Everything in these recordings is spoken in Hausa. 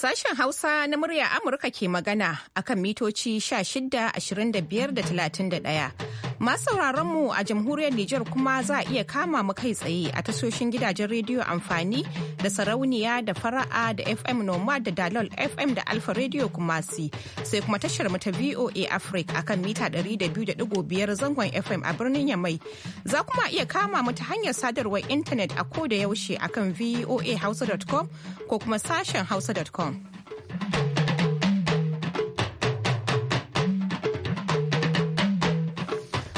Sashen Hausa na murya Amurka ke magana akan mitoci 16, 25 da 31. Masu sauraron mu a jamhuriyar Nijar kuma za a iya kama mu kai tsaye a tasoshin gidajen rediyo amfani da sarauniya da fara'a da FM Noma da Dalol FM da Alfa Radio Kumasi sai kuma tashar mu ta VOA Africa akan mita 200.5 zangon FM a birnin Yamai. Za kuma iya kama mu ta hanyar sadarwar intanet a koda yaushe akan voahausa.com ko kuma sashen hausa.com.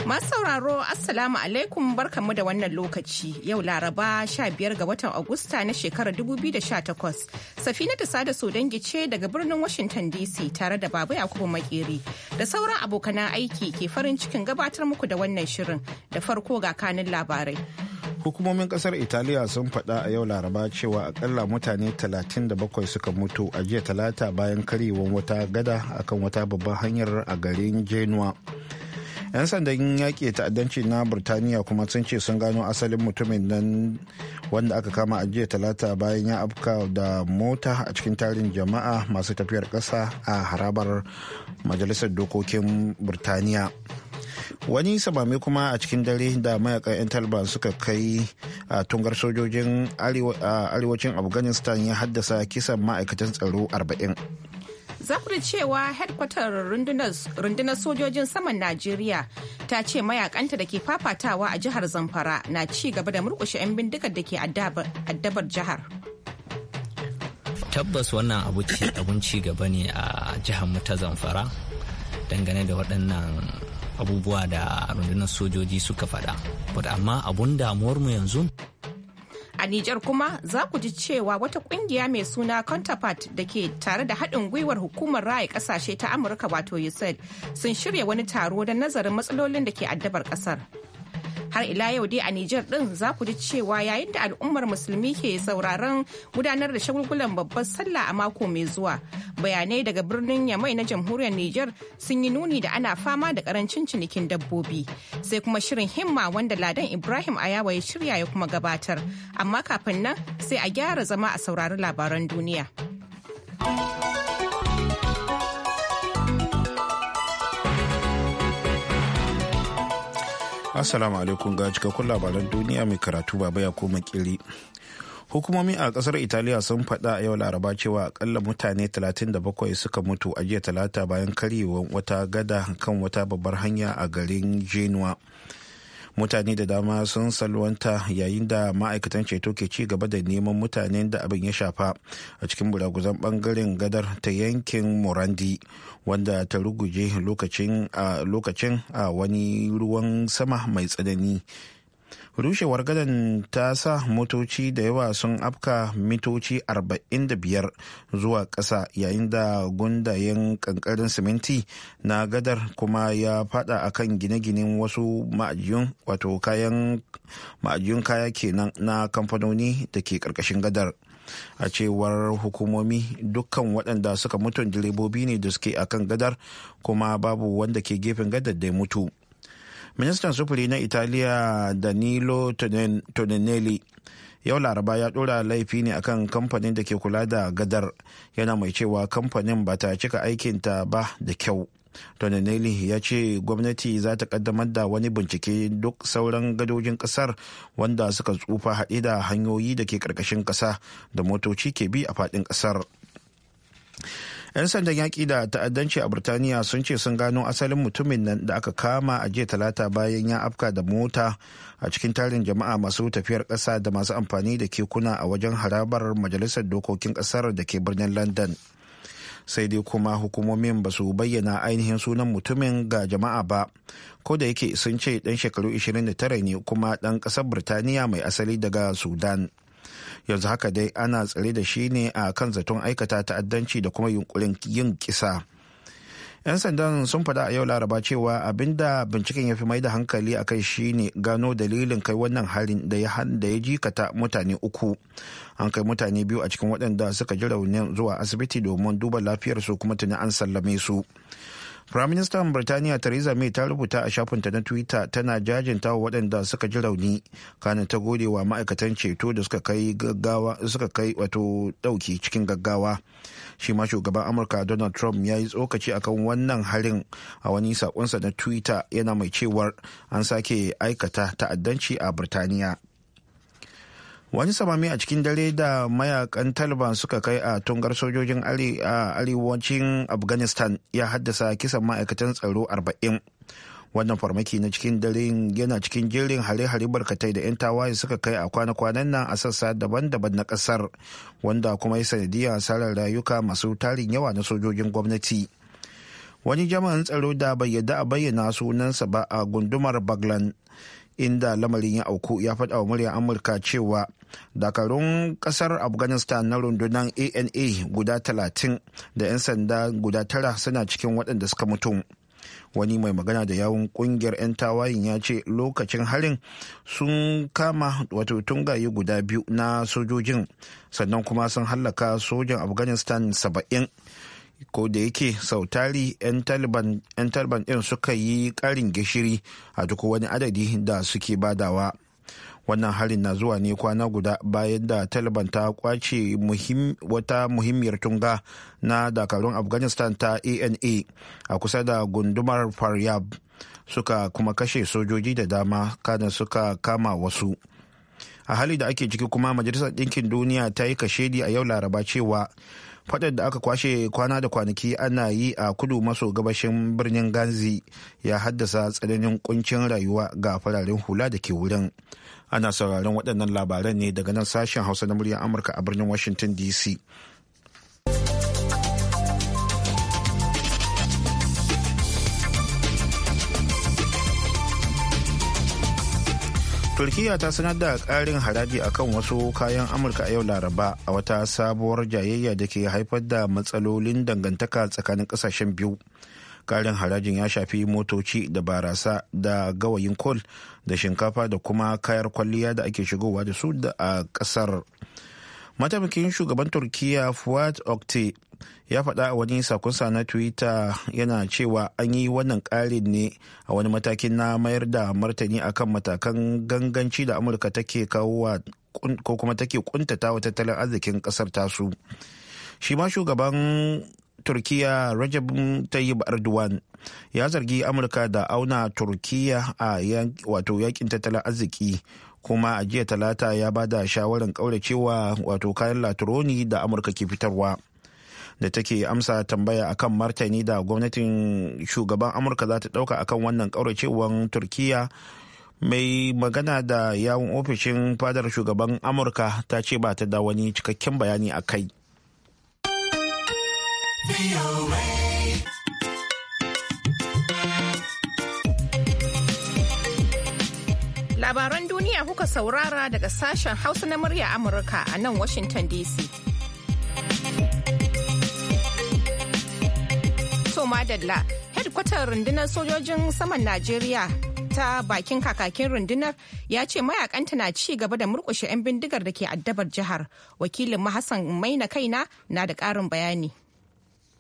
Masu sauraro Assalamu alaikum barkanmu da wannan lokaci yau Laraba 15 ga watan Agusta na shekarar 2018. Safina ta sada dangi ce daga birnin Washington DC tare da Baba Yakubu Makeri da sauran abokanan aiki ke farin cikin gabatar muku da wannan shirin da farko ga kanin labarai. Hukumomin kasar Italiya sun faɗa a yau Laraba cewa akalla mutane 37 suka mutu a jiya talata bayan karyewar wata gada akan wata babban hanyar a garin Genoa. 'yan sandan yaƙi ta'addanci na burtaniya kuma sun ce sun gano asalin mutumin nan wanda aka kama a jiya talata bayan ya afka da mota a cikin tarin jama'a masu tafiyar ƙasa a harabar majalisar dokokin burtaniya wani samami kuma a cikin dare da mayakan 'yan taliban suka kai a tungar sojojin arewacin afghanistan ya haddasa kisan ma'aikatan tsaro 40 za ku da cewa headquarter rundunar sojojin saman najeriya ta ce mayakanta da ke fafatawa a jihar zamfara na ci gaba da murkushe 'yan bindigar da ke addabar jihar tabbas wannan abun ci gaba ne a jihar mu ta zamfara dangane da waɗannan abubuwa da rundunar sojoji suka faɗa amma abun damuwar mu yanzu A Nijar kuma za ku ji cewa wata kungiya mai suna Counterpart da ke tare da haɗin gwiwar hukumar raya ƙasashe ta Amurka wato USAID sun shirya wani taro don nazarin matsalolin da ke addabar ƙasar. har ila yau dai a Nijar din za ku ji cewa yayin da al'ummar musulmi ke sauraron gudanar da shagulgulan babbar sallah a mako mai zuwa bayanai daga birnin Yamai na jamhuriyar Nijar sun yi nuni da ana fama da karancin cinikin dabbobi sai kuma shirin himma wanda Ladan Ibrahim Ayawa ya shirya ya kuma gabatar amma kafin nan sai a gyara zama a saurari labaran duniya. Assalamu alaikum ga cikakkun labaran duniya mai karatu baba ya koma kiri. Hukumomi a kasar Italiya sun faɗa a yau laraba cewa akalla mutane 37 suka mutu a jiya talata bayan karyewar wata gada kan wata babbar hanya a garin Genoa. mutane da dama sun salwanta yayin da ma'aikatan ceto ke ci gaba da neman mutanen da abin ya shafa a cikin buraguzan bangaren gadar ta yankin morandi wanda ta ruguje lokacin a wani ruwan sama mai tsanani rushewar gadon ta sa motoci da yawa sun afka mitoci 45 zuwa ƙasa yayin da gundayen kankarin siminti na gadar kuma ya fada akan gine-ginen wasu ma'ajiyun wato kayan ma'ajiyun kaya kenan na kamfanoni da ke ƙarƙashin gadar a cewar hukumomi dukkan waɗanda suka mutu direbobi ne da suke akan gadar kuma babu wanda ke gefen gadar da ya mutu ministan sufuri na italiya danilo toninelli yau laraba ya dora laifi ne akan kamfanin da ke kula da gadar yana mai cewa kamfanin ba ta cika aikinta ba da kyau toninelli ya ce gwamnati za ta kaddamar da wani bincike duk sauran gadojin kasar wanda suka tsufa haɗe da hanyoyi da ke ƙarƙashin ƙasa da motoci ke bi a faɗin ƙasar 'Yan sandan yaƙi da ta'addanci a Burtaniya sun ce sun gano asalin mutumin nan da aka kama a jiya talata bayan ya afka da mota a cikin tarin jama'a masu tafiyar ƙasa da masu amfani da kekuna a wajen harabar majalisar dokokin ƙasar da ke birnin London. sai dai kuma hukumomin ba su bayyana ainihin sunan mutumin ga jama'a ba ko da yake sun ce ɗan shekaru 29 ne kuma ɗan kasar burtaniya mai asali daga sudan yanzu haka dai ana tsare da shi ne a kan zaton aikata ta'addanci da kuma yunkurin yin kisa 'yan sandan sun faɗa a yau laraba cewa abinda binciken ya fi mai da hankali a kai shine gano dalilin kai wannan harin da ya jikata mutane uku an kai mutane biyu a cikin waɗanda suka ji raunin zuwa asibiti domin duba lafiyarsu kuma tuni an sallame su Firaministan Birtaniya Theresa May ta rubuta a shafinta na Twitter tana jajinta wa waɗanda suka ji rauni kanin ta gode wa ma'aikatan ceto da suka kai gaggawa suka kai wato ɗauki cikin gaggawa. Shi ma shugaban Amurka Donald Trump ya yi tsokaci akan wannan harin a wani sakonsa na Twitter yana mai cewar an sake aikata ta'addanci a Birtaniya. wani samami a cikin dare da mayakan taliban suka kai a tungar sojojin arewacin afghanistan ya haddasa kisan ma'aikatan tsaro 40 wannan farmaki na cikin dare yana cikin jerin hare-hare barkatai da 'yan tawaye suka kai a kwana-kwanan nan a sassa daban-daban na kasar wanda kuma ya sanadiyar asarar rayuka masu tarin yawa na sojojin gwamnati wani jami'an tsaro da bai a bayyana sunansa ba a gundumar baglan inda lamarin ya auku ya faɗa wa muryar amurka cewa dakarun ƙasar afghanistan na rundunar ana guda 30 da 'yan sanda guda tara suna cikin waɗanda suka mutu wani mai magana da yawun ƙungiyar 'yan tawayin ya ce lokacin harin sun kama wato tungaye guda biyu na sojojin sannan kuma sun hallaka sojan afghanistan saba'in. ko da yake tari 'yan taliban ɗin suka yi karin gishiri a duk wani adadi da suke badawa wannan harin na zuwa ne kwana guda bayan da taliban ta kwace wata muhimmiyar tunga na dakarun afghanistan ta ana a kusa da gundumar faryab suka kuma kashe sojoji da dama kada suka kama wasu a hali da ake ciki kuma majalisar ɗinkin duniya ta yi kashedi a yau laraba cewa fadar da aka kwashe kwana da kwanaki ana yi a kudu maso gabashin birnin ganzi ya haddasa tsananin kuncin rayuwa ga fararen hula da ke wurin ana sauraron waɗannan labaran ne daga nan sashen hausa na muryar amurka a birnin washington dc turkiya ta sanar da ƙarin haraji akan wasu kayan amurka a yau laraba a wata sabuwar jayayya da ke haifar da matsalolin dangantaka tsakanin ƙasashen biyu ƙarin harajin ya shafi motoci da barasa da gawayin kol da shinkafa da kuma kayar kwalliya da ake shigowa da su a kasar mataimakin shugaban turkiyya fuad okte ya faɗa a wani sakonsa na twitter yana cewa an yi wannan ƙarin ne a wani matakin na mayar da martani akan matakan ganganci da amurka take kawo ko kuma take kuntata wa tattalin arzikin ƙasar tasu shi ma shugaban turkiya rajab tayyib erdogan ya zargi amurka da auna turkiya a wato yakin tattalin arziki kuma a jiya talata ya ba da shawarar kauracewa wato kayan latroni da amurka ke fitarwa da take amsa tambaya akan martani da gwamnatin shugaban amurka za ta dauka akan wannan kauracewan turkiya mai magana da yawon ofishin fadar shugaban amurka ta ce ba ta da wani cikakken bayani a kai labaran duniya kuka saurara daga sashen hausa na murya amurka a nan washington dc madalla hedkwatar rundunar sojojin saman najeriya ta bakin kakakin rundunar ya ce mayakanta na ci gaba da murkushe 'yan bindigar da ke addabar jihar wakilin mahassan maina kaina na da ƙarin bayani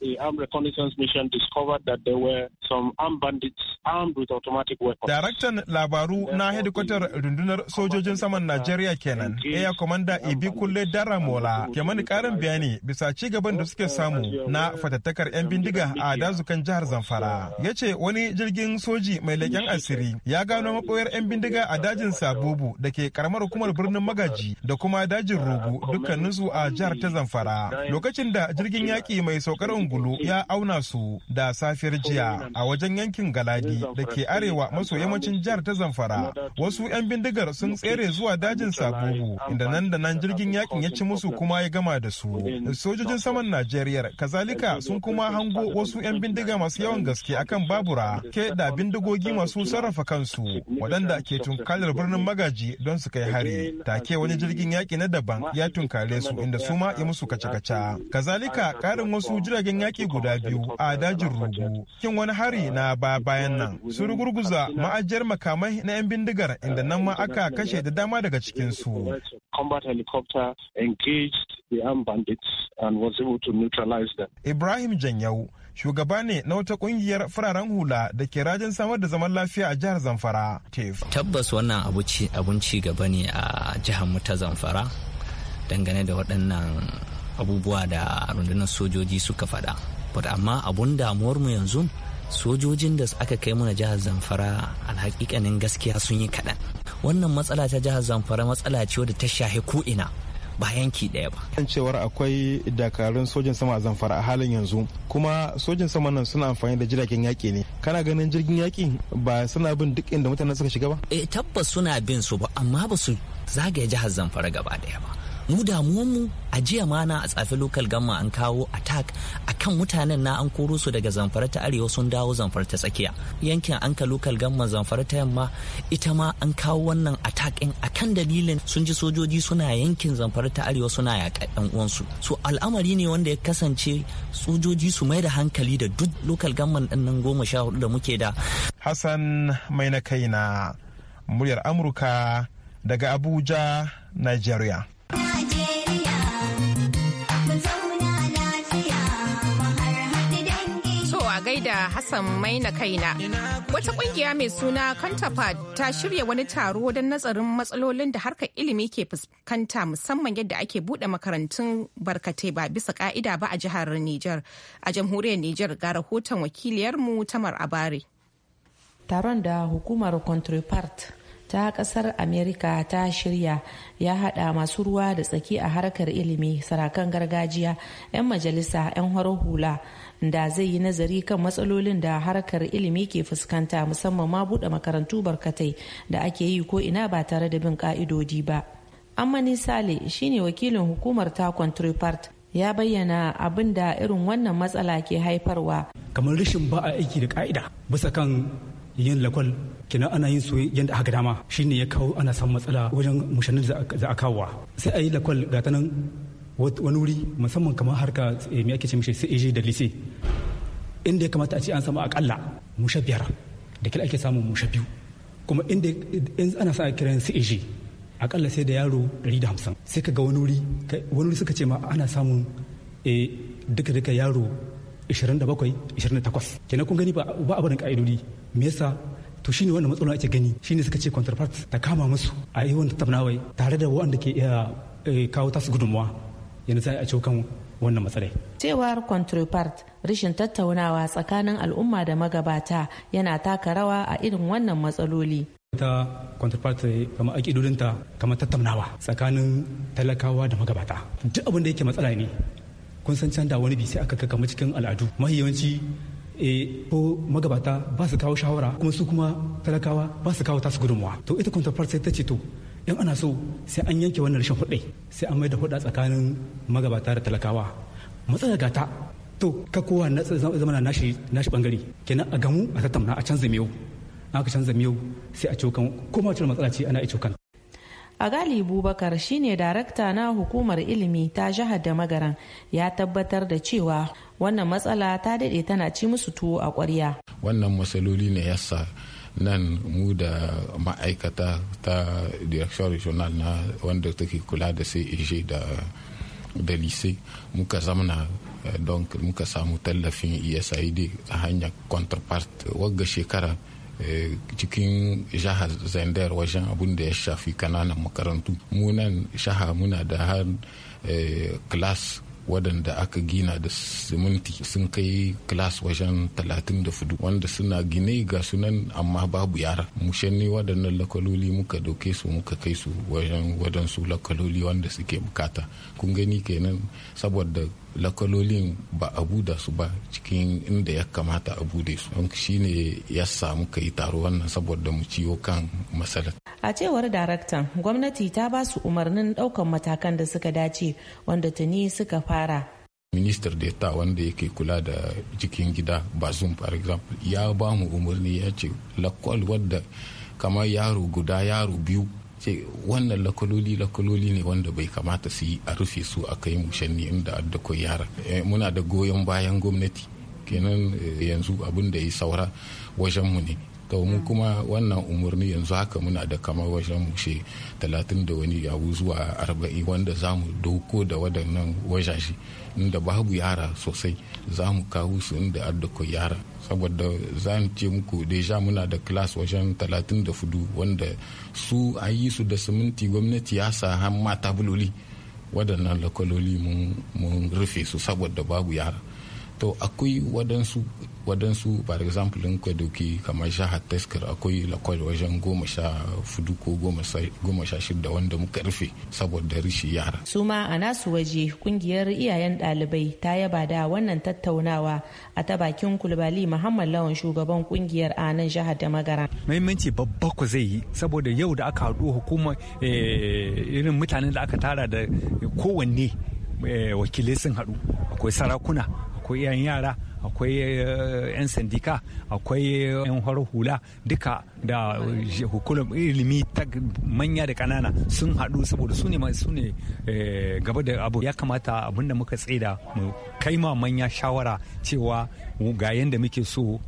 the armed reconnaissance mission discovered that there were some armed bandits armed with automatic weapons. Daraktan labaru na hedikwatar rundunar sojojin saman Najeriya kenan, Air Commander Ibi Kulle Daramola, ke mani karin bayani bisa ci gaban da suke samu na fatattakar 'yan bindiga a dazukan jihar Zamfara. Ya ce wani jirgin soji mai leƙen asiri ya gano maɓoyar 'yan bindiga a dajin Sabubu da ke karamar hukumar birnin Magaji da kuma dajin uh, Rugu dukkaninsu a jihar ta Zamfara. Lokacin da jirgin yaƙi mai saukar ungulu eh. ya auna su da safiyar jiya a wajen yankin galadi da ke arewa maso yammacin jihar ta zamfara wasu 'yan bindigar sun tsere zuwa dajin sabuhu inda nan da nan jirgin yakin ya ci musu kuma ya gama da su sojojin saman najeriya kazalika sun kuma hango wasu 'yan bindiga masu yawan gaske akan babura ke da bindigogi masu sarrafa kansu waɗanda ke tunkalar birnin magaji don su kai hari take wani jirgin yaki na daban ya tunkare su inda su ma ya musu kace-kace kazalika ƙarin wasu jiragen yaƙi guda biyu a dajin rugu kin wani hari na ba bayan nan sun rugurguza ma'ajiyar makamai na 'yan bindigar inda nan ma aka kashe da dama daga cikin cikinsu. Ibrahim Janyau shugaba ne na wata kungiyar fararen hula da ke rajin samar da zaman lafiya a jihar Zamfara. Tabbas wannan abinci ci gaba ne a jihar mu ta Zamfara dangane da waɗannan abubuwa da rundunar sojoji suka faɗa but amma abun damuwarmu yanzu sojojin da aka kai mana jihar zamfara alhakikanin gaskiya sun yi kaɗan wannan matsala ta jihar zamfara matsala ce wadda ta shahi ko'ina ba yanki ɗaya ba. Kan cewar akwai dakarun sojin sama a zamfara a halin yanzu kuma sojin sama nan suna amfani da jiragen yaƙi ne. Kana ganin jirgin yaƙi ba suna bin duk inda mutanen suka shiga ba? Eh tabbas suna bin su ba amma ba su zagaye jihar zamfara gaba ɗaya ba. mu damuwanmu a jiya ma na a tsafi lokal gamma an kawo attack akan mutanen na an koro su daga zamfara ta arewa sun dawo zamfara ta tsakiya yankin anka lokal gamma zamfara ta yamma ita ma an kawo wannan attack din akan dalilin sun ji sojoji suna yankin zamfara ta arewa suna yaƙa ɗan uwansu so al'amari ne wanda ya kasance sojoji su mai da hankali da duk lokal gamma din nan goma sha hudu da muke da hassan mai na kaina muryar amurka daga abuja nigeria da Hassan Maina kaina. Wata kungiya mai suna Counterpart ta shirya wani taro don nazarin matsalolin da harkar ilimi ke fuskanta musamman yadda ake buɗe makarantun barkatai ba bisa ka'ida ba a jihar Nijar. A jamhuriyar Nijar ga rahoton wakiliyarmu Tamar abare Taron da hukumar Counterpart ta kasar amerika ta shirya ya hada masu ruwa da tsaki a harkar ilimi sarakan gargajiya 'yan majalisa 'yan hula da zai yi nazari kan matsalolin da harkar ilimi ke fuskanta musamman ma buɗe makarantu barkatai da ake yi ko ina ba tare da bin ka'idodi ba. Ammani Sale shine wakilin hukumar takon Tripart ya bayyana abin da irin wannan matsala ke haifarwa. Kamar rashin ba a aiki da ka'ida bisa kan yin lakwal kina ana yin su yadda aka dama shine ya kawo ana samun matsala wajen mushannin za a kawo. sai a yi lakwal ga ta wani wuri musamman kamar harka eh, mai ake ce mishi sai da lise inda ya kamata a ce an samu akalla musha biyar da kila ake samun musha biyu kuma inda in ana sa kiran CAG akalla sai da yaro 150 sai ka ga wani wuri wani wuri suka ce ma ana samun eh, duka duka yaro 27 28 kenan kun gani ba ba abin ka'idodi me yasa to shine wannan matsalolin ake gani shine suka ce counterpart ta kama musu a yi wannan tabnawai tare da waɗanda ke iya eh, kawo tasu gudunmuwa yanzu sai a ciwo kan wannan matsalai. Cewar contrapart rashin tattaunawa tsakanin al'umma da magabata yana taka rawa a irin wannan matsaloli. ta counterpart kamar aƙidodinta kamar tattaunawa tsakanin talakawa da magabata duk abin da yake matsala ne kun san can da wani bi sai aka kama cikin al'adu mahi yawanci eh, ko magabata ba su kawo shawara kuma su kuma talakawa ba su kawo tasu gudunmuwa to ita contrapart sai ta ce to in ana so sai an yanke wannan rashin hudai sai an mai da huda tsakanin magabata da talakawa matsala ga ta to ka kowa na zama nashi nashi bangare kenan a gamu a tattauna a canza miyau ka canza miyau sai a cokan kuma wacce matsala ce ana cokan a gali bubakar shine darakta na hukumar ilimi ta jihar da magaran ya tabbatar da cewa wannan matsala ta daɗe tana ci musu tuwo a ƙwarya wannan matsaloli ne yasa nan mu da ma'aikata ta direction regional na wanda take kula da cag da da lise muka zamna eh, don muka samu tallafin usaid e ta hanyar counterpart wagga shekara eh, cikin jihar zender wajen abun da ya shafi kananan makarantu munan shaha muna da har eh, class waɗanda aka gina da siminti sun kai kilas wajen talatin da fudu wanda suna gine ga sunan amma babu yara mushen wadannan waɗannan muka doke su muka kai su wajen waɗansu lakwaloli wanda suke bukata kun gani kenan saboda lakalolin ba a buda su ba cikin inda ya kamata a bude su don shi ne ya samu ka yi taro wannan saboda mu ciwo kan matsalar. a cewar daraktan gwamnati ta ba su umarnin daukan matakan da suka dace wanda tuni suka fara ministar da wanda yake kula da jikin gida ba zum for example ya ba mu umarni ya ce lakwal wadda kamar yaro guda yaro biyu ce wannan lakololi lakololi ne wanda bai kamata su yi a rufe su a kai mushanni inda ko yara eh, muna da goyon bayan gwamnati kenan eh, yanzu abin da ya saura wajen mu ne to mu mm. kuma wannan umarni yanzu haka muna da kamar wajen mushe talatin da wani abu zuwa arba'i wanda za mu doko da waɗannan wajaje inda babu yara sosai za mu kawo su inda addako yara saboda za mu ce muku deja muna da class wajen 34 wanda su a yi su da siminti gwamnati ya sa har ma tabuloli waɗannan lakwaloli mun rufe su saboda babu yara to akwai wadansu wadansu for example in ka doki kamar jihar taskar akwai lakwai wajen goma sha fudu ko goma sha shida wanda muka rufe saboda rishi yara su ma a nasu waje kungiyar iyayen ɗalibai ta yaba da wannan tattaunawa a ta bakin kulbali muhammad lawan shugaban kungiyar a nan jihar da magara muhimmanci babba ku zai yi saboda yau da aka haɗu hukuma eh, irin mutanen da aka tara da kowanne eh, wakilai sun haɗu akwai sarakuna akwai 'yan yara akwai eh, 'yan sandika akwai eh, 'yan har hula duka da hukumar ilimi ta manya da kanana sun haɗu saboda su ne eh, gaba da abu ya kamata abinda muka tsida mu kai ma manya shawara cewa ga yadda muke so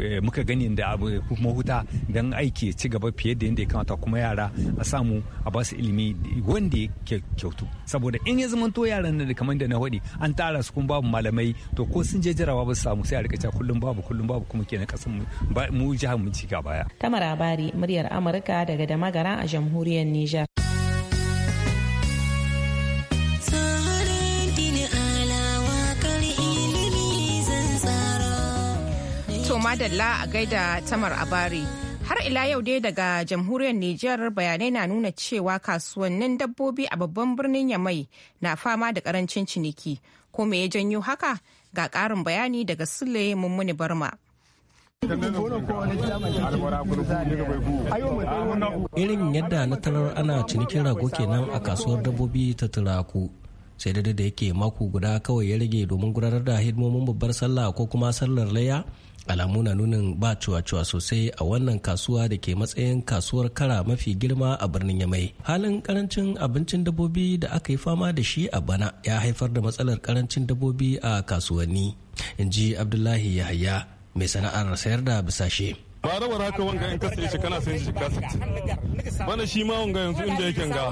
Eh, muka gani da abu kuma huta don aiki ci gaba fiye da yadda ya kamata kuma yara a samu a basu ilimi wanda ya kyautu saboda in ya to yaran nan da kamar da na an tara su kuma babu malamai to ko sun je jarawa ba su samu sai a rika kullum babu kullum babu kuma kenan kasan mu jihar mu ci baya. Tamara Bari muryar Amurka daga Damagara a jamhuriyar Nijar. madalla a gaida tamar abari. Har ila yau dai daga jamhuriyar Nijar bayanai na nuna cewa kasuwannin dabbobi a babban birnin Yamai na fama da karancin ciniki. Ko me ya janyo haka? Ga ƙarin bayani daga Sule Mummuni Barma. Irin yadda na tarar ana cinikin rago kenan a kasuwar dabbobi ta Turaku. sai da da yake mako guda kawai ya rage domin gudanar da hidimomin babbar sallah ko kuma sallar layya alamu na nunin ba cuwa-cuwa sosai a wannan kasuwa da ke matsayin kasuwar kara mafi girma a birnin yamai halin karancin abincin dabbobi da aka yi fama da shi a bana ya haifar da matsalar karancin dabbobi a kasuwanni in ji abdullahi yahaya mai sana'ar sayar da bisashe ba rabar haka wanga in ka shi kana sai shi kasa bana shi ma wanga yanzu inda yake ga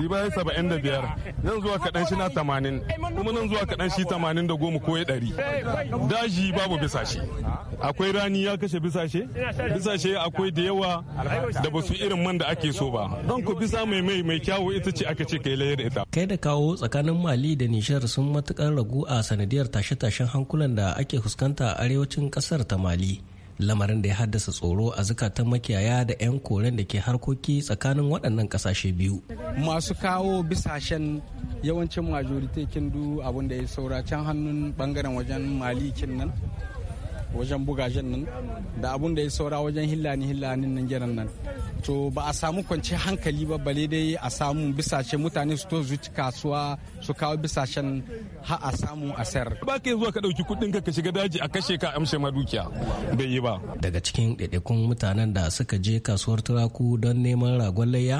bi ba ya saba'in da biyar nan zuwa kaɗan shi na tamanin kuma nan zuwa kaɗan shi tamanin da goma ko ya ɗari daji babu bisashe akwai rani ya kashe bisashe bisashe akwai da yawa da ba su irin man da ake so ba don ku bisa mai mai mai kyawu ita ce aka ce kai layar ita kai da kawo tsakanin mali da nishar sun matukar ragu a sanadiyar tashe-tashen hankulan da ake fuskanta a arewacin kasar ta mali lamarin da ya haddasa tsoro a zukatan makiyaya da 'yan koren da ke harkoki tsakanin waɗannan ƙasashe biyu masu kawo bisashen yawancin majoritekin du abinda da ya saura can hannun bangaren wajen malikin nan wajen bugajen nan da abun da ya saura wajen hillani hillanin nan gidan nan to ba a samu kwanci hankali ba bale dai a samu bisashe mutane su to zuci kasuwa su kawo bisashen ha a samu a sayar ba ka zuwa ka dauki kudin ka ka shiga daji a kashe ka amshe ma dukiya bai yi ba daga cikin ɗaiɗaikun mutanen da suka je kasuwar turaku don neman ragon layya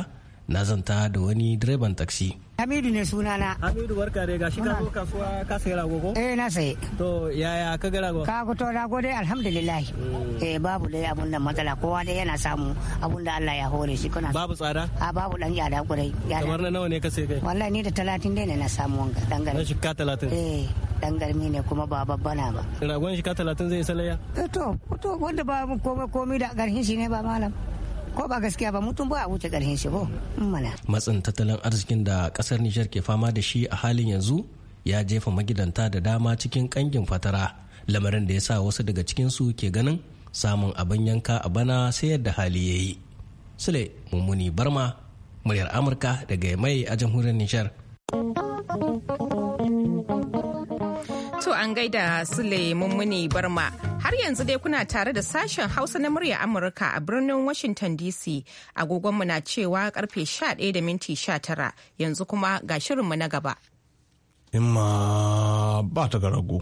na zanta da wani direban taksi. Hamidu ne sunana. Hamidu barka dai gashi ka zo kasuwa ka sayi rago ko? Eh na sayi. To yaya ka ga rago? Ka ga to rago dai alhamdulillah. Mm. Eh babu dai abun da matsala kowa dai yana samu abun da Allah ya hore shi kana. Babu tsada? A babu dan yada kurai. Kamar na nawa ne ka sayi kai? Wallahi ni da 30 dai ne na samu wanga dan gari. Na shi ka 30. Eh dan garmi ne kuma ba babbana ba. Ragon shi ka 30 zai isa layya? Eh to to wanda ba komai komai da garhin shi ne ba malam. ko ba gaskiya ba mutum ba a wuce karhin shi ko mana matsin tattalin arzikin da ƙasar Nijar ke fama da shi a halin yanzu ya jefa magidanta da dama cikin kangin fatara lamarin da ya sa wasu daga cikinsu ke ganin samun abin yanka a bana sai yadda hali ya yi sule mummuni barma muryar amurka daga mai a jamhuriyar nishar to an gaida sule mummuni barma Har yanzu dai kuna tare da sashen Hausa na murya Amurka a birnin Washington DC. Agogonmu na cewa karfe 11 da minti 19 yanzu kuma ga shirinmu na gaba. Imma ba ta garago.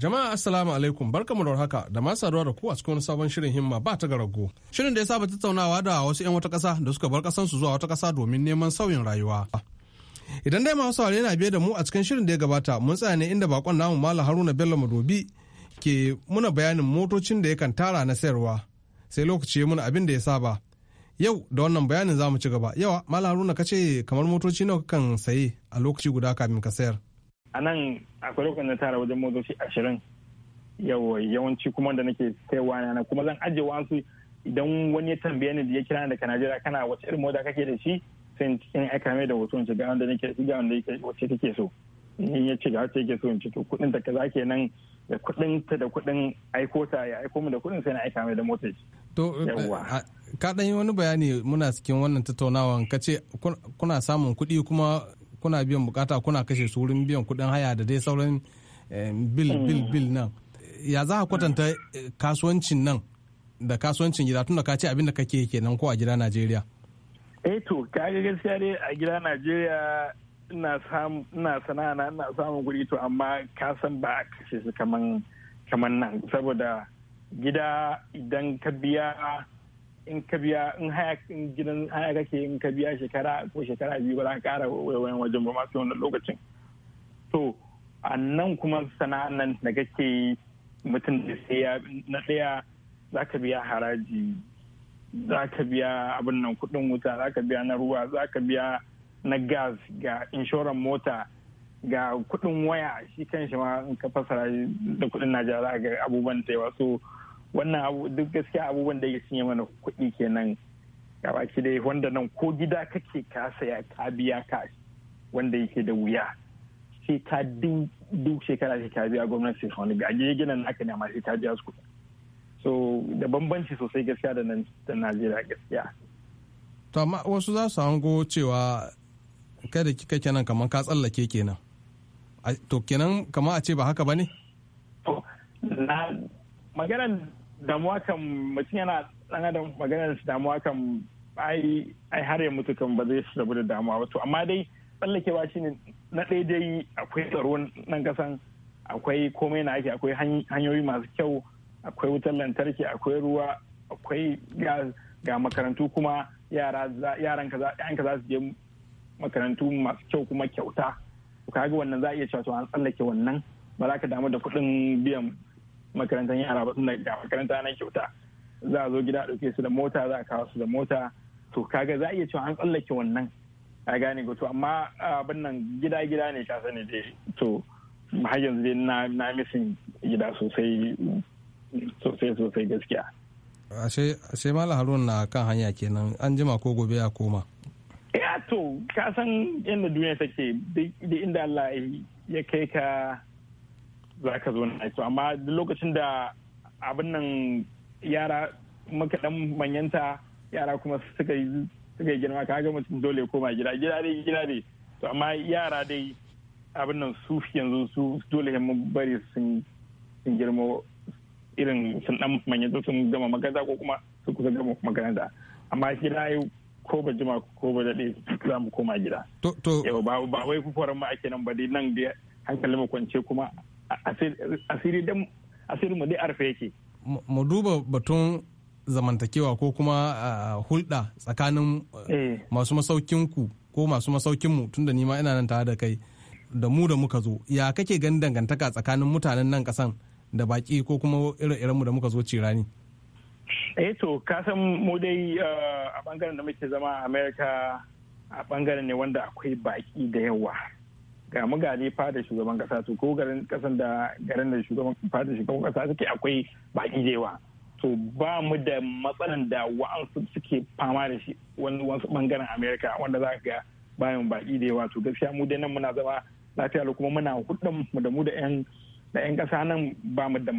Jama'a assalamu alaikum barkamu da haka da masu saduwa da ku a cikin sabon shirin himma ba ta garago. Shirin da ya saba tattaunawa da wasu 'yan wata ƙasa da suka bar ƙasansu zuwa wata ƙasa domin neman sauyin rayuwa. Idan dai masu saurari yana biye da mu a cikin shirin da ya gabata mun tsaya ne inda bakon namu Malam Haruna Bello Madobi ke muna bayanin motocin da yakan tara na sayarwa sai lokaci ya muna abin da ya saba. Yau da wannan bayanin za mu ci gaba. Yawa Malam Haruna ka ce kamar motoci nawa kan saye a lokaci guda kafin ka sayar. a nan akwai lokacin da tara wajen motoci ashirin yawanci kuma da nake kaiwa na kuma zan ajiye wasu idan wani ya tambaye ni da ya kira daga najeriya kana wace irin mota kake da shi sai in aika mai da in shiga wanda nake shiga wanda wace kake so in ya ce ga wace yake so in ci to kudin ta kaza kenan da kudin ta da kudin aiko ta ya aiko mu da kudin sai na aika mai da mota. to ka dan yi wani bayani muna cikin wannan tattaunawan kace kuna samun kuɗi kuma kuna biyan bukata kuna kashe su wurin biyan kuɗin haya da dai sauran eh, bil mm. bil bil nan ya za a kwatanta eh, kasuwancin nan da kasuwancin gida tunda ka ce abin da kake kenan ko a gida Najeriya. Eh to kaga gaskiya dai a gida Najeriya ina samu ina sana'a ina samun kuɗi to amma ka san ba a kashe su kaman kaman nan saboda gida idan ka biya in ka biya in haya in gidan haya kake in ka biya shekara ko shekara biyu ba za ka kara wayan wajen ba masu wannan lokacin to a nan kuma sana'an nan da kake mutum da sai na ɗaya za ka biya haraji za ka biya abin nan kudin wuta za ka biya na ruwa za ka biya na gas ga inshoran mota ga kudin waya shi kan shi ma in ka fasara da kuɗin najeriya ga abubuwan da yawa so wannan abu duk gaskiya abubuwan da ya cinye mana kuɗi kenan gabaki dai wanda nan ko gida kake ka saya ka biya ka wanda yake da wuya sai ka duk shekara ke ka biya gwamnati wani gaje gina naka ne amma sai ka biya su so da bambanci sosai gaskiya da nan da najeriya gaskiya to amma wasu za su hango cewa kada kika kenan kamar ka tsallake kenan to kenan kamar a ce ba haka ba ne na maganar damuwa kan mutum yana dan adam maganar damuwa kan ai har ya mutu kan ba zai rabu da damuwa ba to amma dai tsallakewa shine na ɗaya dai akwai tsaro nan kasan akwai komai na ake akwai hanyoyi masu kyau akwai wutar lantarki akwai ruwa akwai ga makarantu kuma yaran ka za su je makarantu masu kyau kuma kyauta ga wannan za a iya cewa an tsallake wannan ba za ka damu da kuɗin biyan makarantar yara ba suna ga makaranta na kyauta za a zo gida a ɗauke su da mota za a kawo su da mota to kaga za a iya cewa an tsallake wannan a gane ko to amma ah, abin nan gida gida ne ka sani dai to har yanzu dai na na misin gida sosai sosai sosai gaskiya ashe mala haruna na kan hanya kenan an jima ko gobe ya koma ya eh, to ka san yadda duniya take duk inda Allah ya kai ka za ka zo na so amma duk lokacin da abin nan yara makaɗan manyanta yara kuma suka yi suka yi girma kaga mutum dole koma gida gida dai gida dai to amma yara dai abin nan su yanzu su dole mun bari sun girma irin sun dan manyanta sun gama makaranta ko kuma su kusa gama makaranta amma gida yau ko ba jima ko ba daɗe za mu koma gida. To, to. Yau ba wai kukuwar ma ake nan ba dai nan da hankalin kwance kuma asiri dan asirin mu dai arfe yake mu duba batun zamantakewa ko kuma hulɗa tsakanin eh, eh. masu masaukin ku ko masu masaukin mu tunda ni ma ina nan tare da kai da mu da muka zo ya kake ganin dangantaka tsakanin mutanen nan kasan da baki ko kuma ire-iren mu da muka zo cirani eh to ka san mu dai eh, a bangaren da muke zama a america a bangaren ne wanda akwai baki da yawa ga mugane fada shugaban kasa to ko garin kasan da garin da shugaban fada shugaban kasa suke akwai baki jewa to ba mu da matsalan da wa'ansu suke fama da shi wani wasu bangaren america wanda za ga bayan baki da yawa to gaskiya mu dai nan muna zama lafiya da kuma muna hudun mu da mu da yan da yan kasa nan ba mu da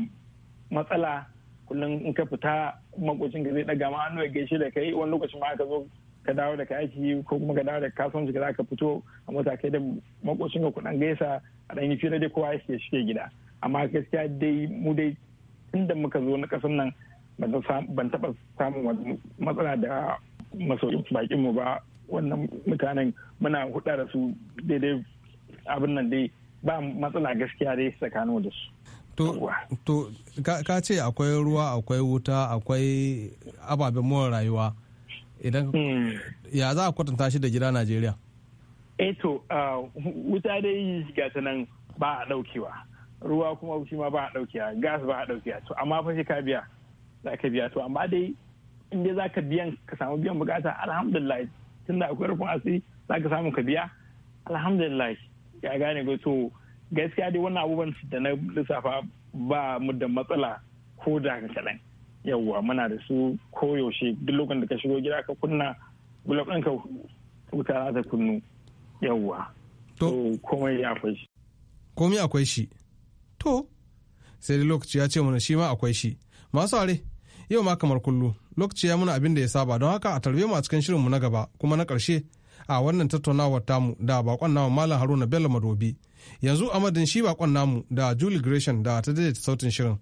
matsala kullum in ka fita makocin ka zai daga ma hannu ya gaishe da kai wani lokacin ma ka zo ka dawo daga aiki ko kuma ka dawo daga kasuwanci ka ka fito a matakai da makocin ka kudan gaisa a ɗan yi fira dai kowa yake shige gida amma gaskiya dai mu dai inda muka zo na kasan nan ban taɓa samun matsala da masoyin bakin mu ba wannan mutanen muna huɗa da su daidai abin nan dai ba matsala gaskiya dai tsakanin da su. To, ka ce akwai ruwa akwai wuta akwai ababen more rayuwa. idan hmm. ya za a kwatanta shi da gida najeriya eto eh wuta dai ga ta nan ba a daukewa ruwa kuma shi ma ba a daukewa gas ba a daukewa to amma fa shi ka biya za ka biya to amma dai in dai za ka biyan ka samu biyan bukata alhamdulillah da akwai rufin asiri za ka samu ka biya alhamdulillah ya gane ko to gaskiya dai wannan abubuwan da na lissafa ba mu da matsala ko da kaɗan yawwa muna da su koyaushe duk lokacin da ka shigo gida ka kunna bulok ɗin ka wuta za ta kunnu yawwa to komai akwai shi komai akwai shi to sai dai lokaci ya ce mana shi ma akwai shi masu are yau ma kamar kullu lokaci ya muna abin da ya saba don haka a tarbe mu a cikin shirinmu na gaba kuma na karshe. a wannan tattaunawar tamu da bakon namu Malam Haruna Bello Madobi. Yanzu amadin shi bakon namu da Julie Gresham da ta daidaita sautin shirin.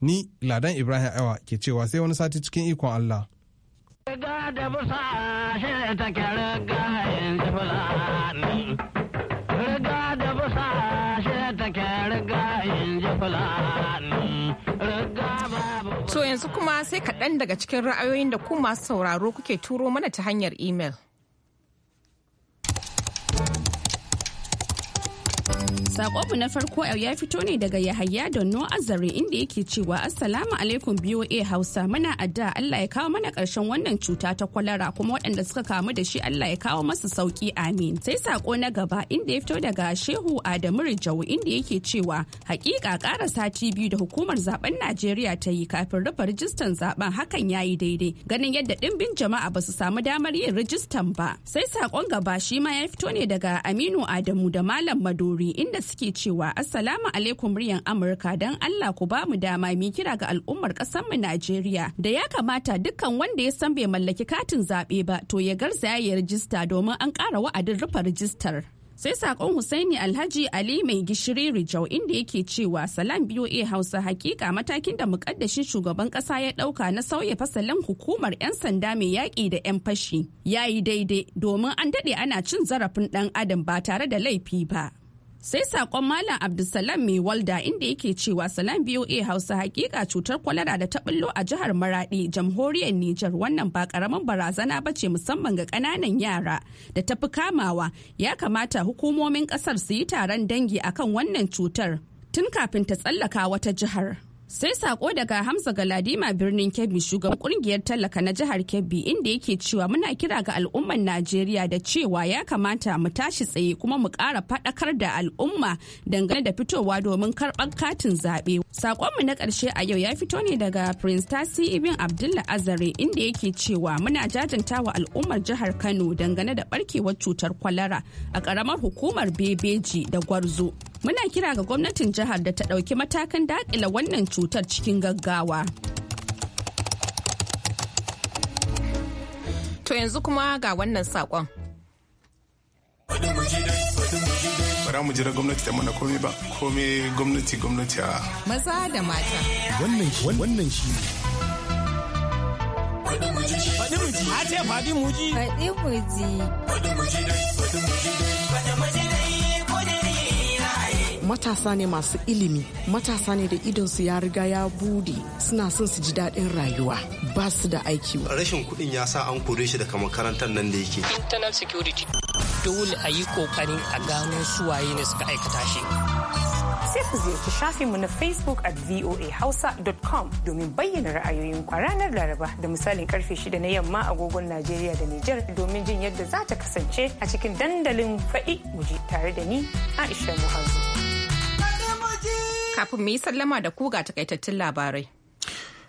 Ni Ladan Ibrahim Aiwa ke cewa sai wani sati cikin ikon Allah. To yanzu kuma sai kaɗan daga cikin ra'ayoyin da ku masu sauraro kuke turo mana ta hanyar imel. mu na farko yau ya fito ne daga Yahaya no Azare inda yake cewa Assalamu alaikum BOA Hausa muna adda Allah ya kawo mana karshen wannan cuta ta kwalara kuma waɗanda suka kamu da shi Allah ya kawo masu sauki amin. Sai sako na gaba inda ya fito daga Shehu Adamu Rijau inda yake cewa hakika ƙara sati biyu da hukumar zaben Najeriya ta yi kafin rufe rijistan zaben hakan ya yi daidai ganin yadda ɗimbin jama'a ba su samu damar yin rijistan ba. Sai sakon gaba shi ma ya fito ne daga Aminu Adamu da Malam madori inda suke cewa Assalamu alaikum muryan Amurka don Allah ku ba mu dama mi kira ga al'ummar mu Najeriya da ya kamata dukkan wanda ya san bai mallaki katin zaɓe ba to ya garzaya ya rijista domin an ƙara wa'adin rufe rijistar. sai sakon Husaini Alhaji Ali mai gishiri Rijau inda yake cewa salam BOA Hausa hakika matakin da mukaddashin shugaban kasa ya dauka na sauya fasalin hukumar 'yan sanda mai yaƙi da 'yan fashi yayi daidai domin an dade ana cin zarafin ɗan adam ba tare da laifi ba. sai sakon malam abdulsalam mai walda inda yake cewa salam boa hausa hakika cutar kwalara da ta bullo a jihar Maraɗi, jamhuriyar niger wannan ba karamin barazana ba ce musamman ga ƙananan yara da tafi kamawa ya kamata hukumomin ƙasar su yi taron dangi akan wannan cutar tun kafin ta tsallaka wata jihar Sai sako daga Hamza Galadima birnin Kebbi shugaban kungiyar tallaka na jihar Kebbi inda yake cewa muna kira ga al'ummar Najeriya da cewa ya kamata mu tashi tsaye kuma mu ƙara faɗakar da al'umma dangane da fitowa domin karɓar katin zaɓe. Sakonmu na ƙarshe a yau ya fito ne daga Prince Tasi Ibn Abdullah Azare inda yake cewa muna jajantawa al'ummar jihar Kano dangane da barkewar cutar kwalara a ƙaramar hukumar Bebeji da Gwarzo. Muna kira ga gwamnatin jihar da ta ɗauki matakan daƙila wannan cutar cikin gaggawa. To yanzu kuma ga wannan saƙon. Bara mu jira gwamnati ta mana komai ba, komai gwamnati gwamnati a. Maza da mata. Wannan shi wannan shi ne. Faɗi muji. A ce Fadi muji. Faɗi muji. Faɗi muji. Faɗi muji. matasa ne masu ilimi matasa ne da idon su ya riga ya bude suna son su ji daɗin rayuwa ba su da aiki rashin kuɗin ya sa an kore shi daga makarantar nan da yake internal security dole a yi kokarin a gano waye ne suka aikata shi sai ku ziyarci shafinmu na Facebook at voahausa.com domin bayyana ra'ayoyin a ranar Laraba da misalin karfe 6 na yamma agogon Najeriya da niger domin jin yadda za ta kasance a cikin dandalin faɗi muji tare da ni Aisha Muhammadu. Kafin mu yi sallama da ku ga takaitattun labarai.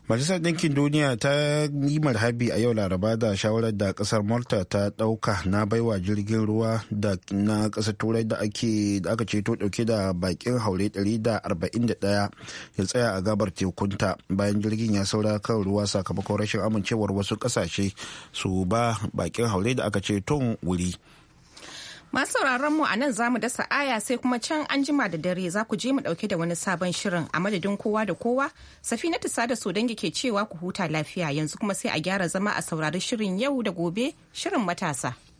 Majalisar Ɗinkin Duniya ta yi marhabi a yau Laraba da shawarar da ƙasar Malta ta ɗauka na baiwa jirgin ruwa da na ƙasar Turai da ake da aka ceto ɗauke da bakin haure 141 ya tsaya a gabar tekunta bayan jirgin ya saura kan ruwa sakamakon rashin amincewar wasu ƙasashe su ba bakin haure da aka ceton wuri. Masu sauraron mu a nan za mu dasa aya sai kuma can an jima da dare za ku je mu dauke da wani sabon shirin a madadin kowa da kowa. Safina sada da dangi ke cewa ku huta lafiya yanzu kuma sai a gyara zama a saurari shirin yau da gobe shirin matasa.